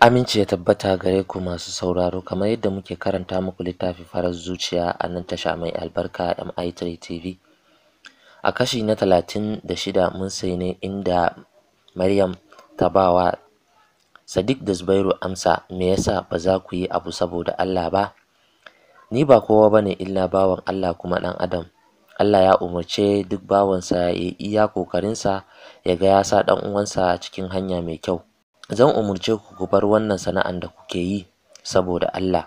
Aminci ya tabbata gare ku masu sauraro kamar yadda muke karanta muku littafi farar zuciya a nan tasha mai albarka MI3 TV. A kashi na talatin da shida mun sai ne inda Maryam ta ba wa. Sadiq da Zubairu amsa me yasa ba za ku yi abu saboda Allah ba? Ni ba kowa ba ne illa bawan Allah kuma ɗan Adam. Allah ya umarce duk bawansa ya yi iya ƙoƙarinsa ya ga ya sa ɗan uwansa cikin hanya mai kyau. zan umurce ku ku bar wannan sana'an da kuke yi saboda Allah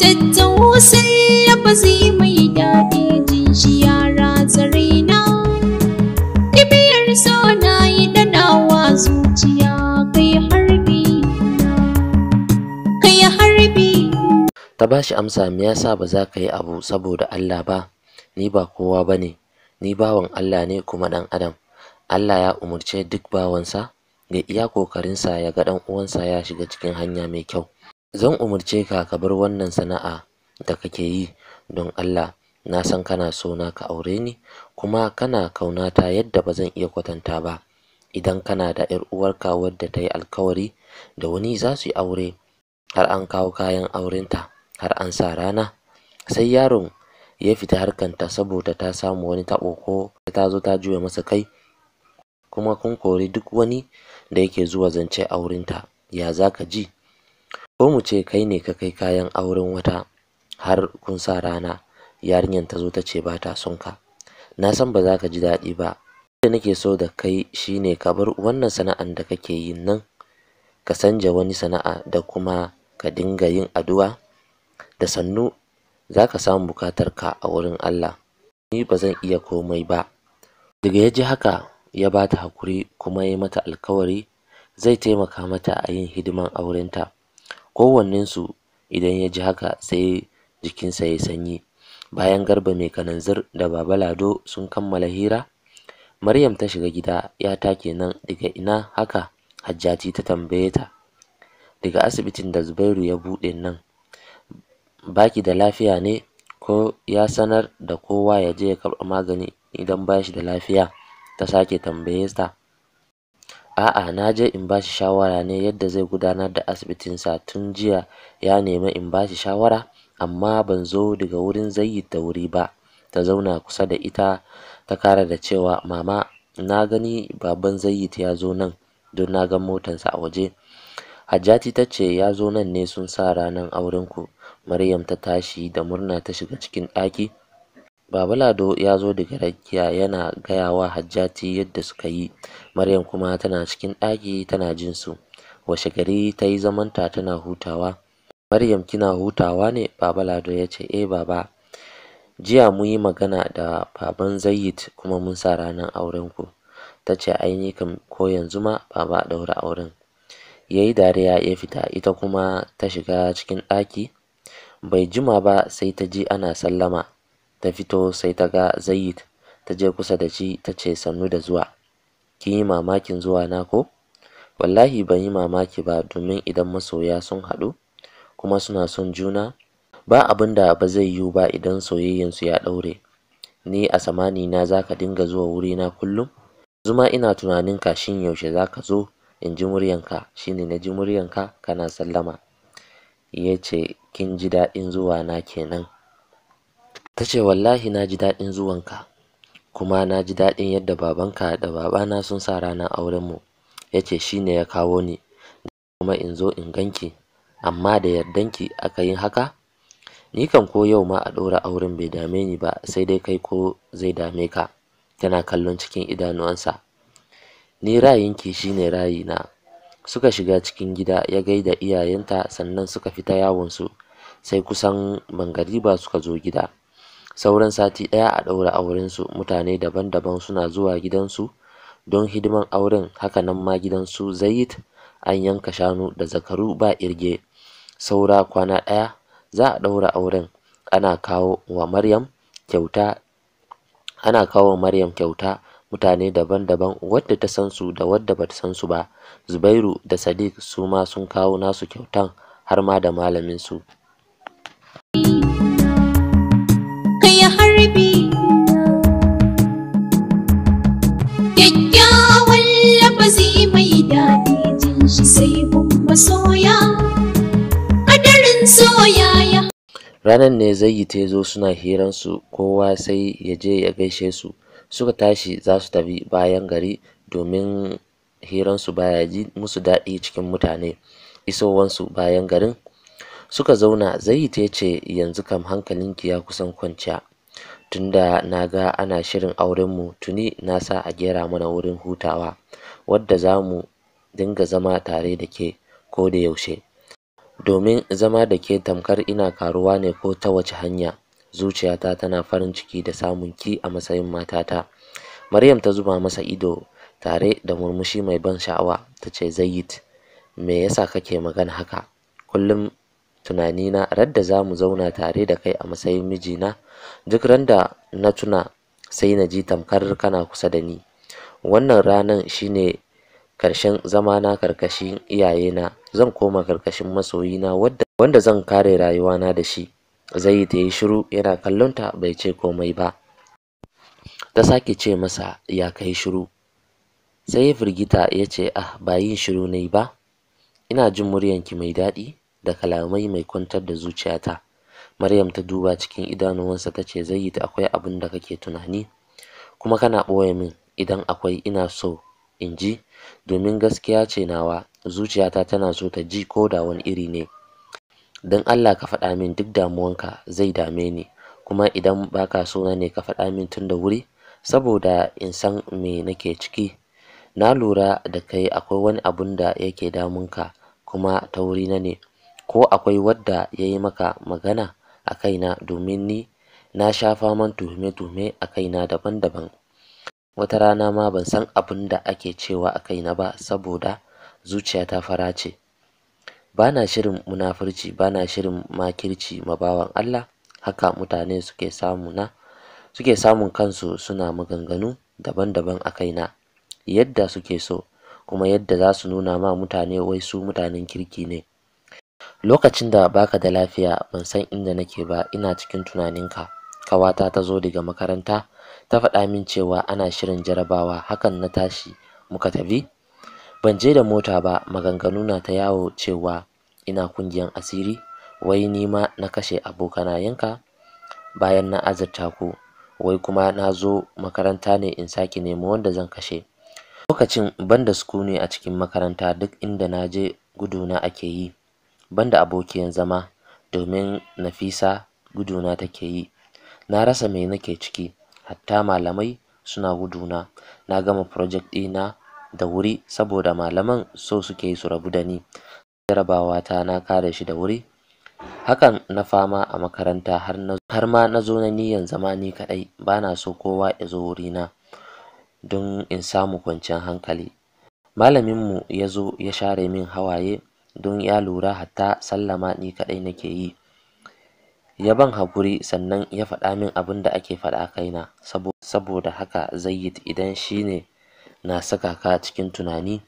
tattawo sai ya bazi mai daɗi jin shi ya ratsa raina ibiyar so na yi danawa zuciya kai harbi kai harbi ta ba shi amsa me yasa ba za ka yi abu saboda Allah ba ni ba kowa ba ne ni bawan Allah ne kuma ɗan adam Allah ya umarce duk bawansa Ga iya ƙoƙarinsa ya ga ɗan uwansa ya shiga cikin hanya mai kyau zan umarce ka ka bar wannan sana'a da kake yi don Allah na san kana so na ka aure ni kuma kana kaunata yadda ba zan iya kwatanta ba idan kana da ‘yar uwarka wadda ta yi alkawari da wani za su yi aure har an kawo kayan aurenta har an sa rana sai yaron ya fita harkanta saboda ta samu wani taɓo ko ta zo ta juya masa kai kuma kun kori duk wani da yake zuwa zance a wurinta ya za ka ji ko mu ce kai ne ka kai kayan auren wata har kun sa rana yarinyar ta zo ta ce ba ta son ka na san ba za ka ji daɗi ba da nake so da kai shine ka bar wannan sana'an da kake yi nan ka sanja wani sana'a da kuma ka dinga yin addu'a da sannu za ka samu bukatar ka a wurin Allah ni ba zan iya komai ba daga ya ji haka ya ba ta haƙuri kuma ya mata alkawari zai taimaka mata a yin hidiman aurenta. su idan ya ji haka sai jikinsa ya sanyi. Bayan Garba mai kananzir da Baba Lado sun kammala hira, Maryam ta shiga gida ya take nan, daga ina haka Hajjati ta tambaye ta. Daga asibitin da Zubairu ya buɗe nan, baki da lafiya ne ko ya sanar da kowa ya je ya karɓi magani idan ba shi da lafiya? ta sake tambaye ta. A'a na je in ba shi shawara ne yadda zai gudanar da asibitinsa tun jiya ya nemi in ba shi shawara amma ban zo daga wurin Zayyid da wuri ba. Ta zauna kusa da ita ta kara da cewa mama na gani baban Zayyid ya zo nan don na ga motansa a waje. Hajjati ta ce ya zo nan ne sun sa ranar aurenku. Maryam ta tashi da murna ta shiga cikin ɗaki babalado ya zo daga rakiya yana gaya wa Hajjati yadda suka yi, Maryam kuma tana cikin ɗaki tana jin su. Washe gari ta yi zamanta tana hutawa. Maryam kina hutawa ne? babalado Lado ya ce, Eh baba, jiya mun yi magana da baban Zayyid kuma mun sa ranar aurenku. Ta ce ai kam ko yanzu ma baba a ɗaura auren. Ya yi dariya ya fita ita kuma ta shiga cikin ɗaki. Bai jima ba sai ta ji ana sallama. ta fito sai ta ga zayid ta je kusa da shi ta ce sannu da zuwa kin yi mamakin zuwa na ko wallahi ban yi mamaki ba domin idan masoya sun haɗu kuma suna son juna ba abin da ba zai yiwu ba idan soyayyansu ya ɗaure ni a samani na za ka dinga zuwa wurina kullum zuma ina tunanin kashin yaushe za ka zo in ji muryanka shine na ji muryanka kana sallama ya ce kin ji daɗin zuwa na kenan ta ce wallahi na ji daɗin zuwanka kuma na ji daɗin yadda babanka da babana sun sa ranar aurenmu ya ce shi ne ya kawo ni da kuma in zo in ganki amma da yardanki aka yi haka ni kan ko yau ma a ɗora auren bai dame ni ba sai dai kai ko zai dame ka tana kallon cikin idanuwansa ni ra'ayinki shine ra'ayina suka shiga cikin gida ya gaida iyayenta sannan suka fita yawonsu sai kusan bangariba suka zo gida Sauran sati ɗaya a ɗaura aurensu, mutane daban-daban suna zuwa gidansu don hidiman auren hakanan ma gidansu Zayit an yanka shanu da zakaru ba ƙirge. Saura kwana ɗaya za a ɗaura auren, ana kawo wa Maryam kyauta ana kawo Maryam kyauta mutane daban-daban wadda ta san su da wadda bata san su ba. Zubairu da Sadiq su ma sun kawo nasu kyautan har ma da malamin su. Ranar ne zai ta zo suna hiransu kowa sai ya je ya gaishe su. Suka tashi za su tafi bayan gari domin hiransu baya ji musu daɗi cikin mutane. Isowansu bayan garin suka zauna zai ta ce yanzu kam hankalinki ya kusan kwanciya. Tunda na ga ana shirin aurenmu tuni na sa a gera mana wurin hutawa wadda za mu dinga zama tare da ke ko da yaushe. domin zama da ke tamkar ina karuwa ne ko ta wace hanya zuciyata tana farin ciki da samun ki a matsayin matata maryam ta zuba masa ido tare da murmushi mai ban sha'awa ta ce zayit. me yasa kake magana haka kullum tunanina radda za mu zauna tare da kai a matsayin mijina duk randa na tuna sai na ji tamkar kana kusa da ni wannan ranan shine karshen zama na karkashin iyayena zan koma karkashin masoyina wanda zan kare rayuwana da shi zaid ya yi shiru yana kallonta bai ce komai ba ta sake ce masa ya kai shiru sai ya firgita ya ce ah ba yin shiru ne ba ina jin muryanki mai daɗi da kalamai mai kwantar da zuciyata maryam ta duba cikin idanuwansa ta ce zaid akwai abin da kake tunani kuma kana ɓoye min idan akwai ina so in ji domin gaskiya ce nawa zuciyata tana so ta ji ko da wani iri ne. Don Allah ka faɗa min duk damuwanka zai dame ni kuma idan ba ka so na ne ka faɗa min tun da wuri saboda in san me nake ciki. Na lura da kai akwai wani abun da yake damunka kuma ta wuri na ne. Ko akwai wadda ya yi maka magana a kaina domin ni na sha faman tuhume-tuhume a kaina daban-daban. wata rana ma ban san abin da ake cewa a kaina ba saboda zuciya ta fara ce ba na shirin munafurci ba na shirin makirci mabawan Allah haka mutane suke samu na suke samun kansu suna maganganu daban-daban a kaina yadda suke so kuma yadda za su nuna ma mutane wai su mutanen kirki ne lokacin da baka da lafiya ban san inda nake ba ina cikin tunaninka Kawata ta zo daga makaranta ta faɗa min cewa ana shirin jarabawa hakan na tashi muka tafi. Ban je da mota ba maganganu na ta yawo cewa ina kungiyan asiri wai ni ma na kashe abokana yanka? bayan na azabta ku wai kuma na zo makaranta ne in sake nemo wanda zan kashe. Lokacin banda ne a cikin makaranta duk inda na je guduna ake yi banda abokiyan zama domin Nafisa guduna take yi. Na rasa me nake ciki, hatta malamai suna guduna. Na gama project ɗina da wuri saboda malaman so suke yi su rabu da ni. Jarabawa ta na kare shi da wuri. Hakan na fama a makaranta har na, ma na zo na niyan zama ni kaɗai. na so kowa ya zo wurina don in samu kwanciyar hankali. Malaminmu ya zo ya share min hawaye don ya lura hatta sallama ni kaɗai nake yi. ya ban hakuri sannan ya faɗa min abin da ake faɗa kaina saboda haka zayyid idan shi ne na saka ka cikin tunani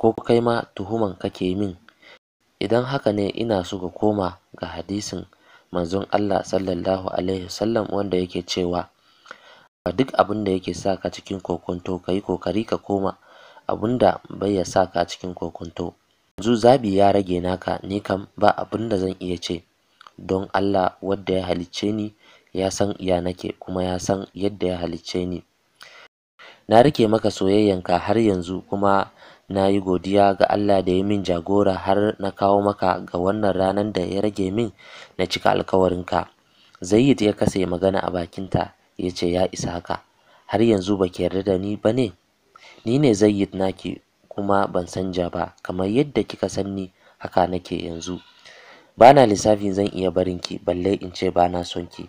ko kai ma tuhuman kake min idan haka ne ina so ka koma ga hadisin manzon Allah sallallahu alaihi wasallam wanda yake cewa duk abin da yake sa ka cikin kokonto kai kokari ka koma abin da bai ya sa ka cikin kokonto yanzu zabi ya rage naka ni kam ba abin da zan iya ce don Allah wadda ya halicce ni ya san iya nake kuma ya san yadda ya halicce ni. Na rike maka soyayyanka har yanzu kuma na yi godiya ga Allah da ya min jagora har na kawo maka ga wannan ranar da ya rage min na cika alkawarinka. Zayyid ya kasa magana a bakinta ya ce ya isa haka, har yanzu ba ke yarda da ni ba ne? Ni ne Zayyid naki kuma ban sanja ba, kamar yadda kika san ni haka nake yanzu. Bana lissafin zan iya barin ki balle in ce bana son ki.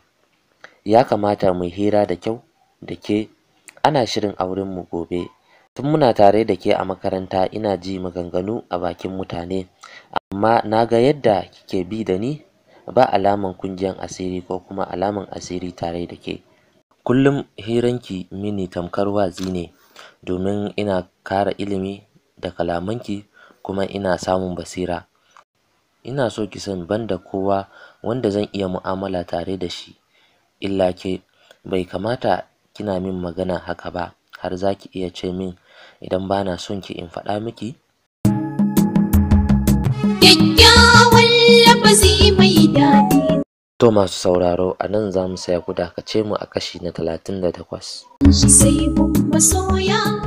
Ya kamata mu hira da kyau da ke ana shirin auren mu gobe. Tun muna tare da ke a makaranta ina ji maganganu a bakin mutane amma na ga yadda kike bi da ni ba alaman kungiyan asiri ko kuma alaman asiri tare da ke. Kullum hiranki mini tamkar wazi ne domin ina kara ilimi da kalamanki kuma ina samun basira. Ina so ki san banda kowa wanda zan iya mu'amala tare da shi illa ke. Bai kamata kina min magana haka ba har za ki iya ce min idan ba na son ki in faɗa miki. mai daɗi. To masu sauraro a nan za mu saya ku dakace mu a kashi na talatin da takwas. Sai masoya.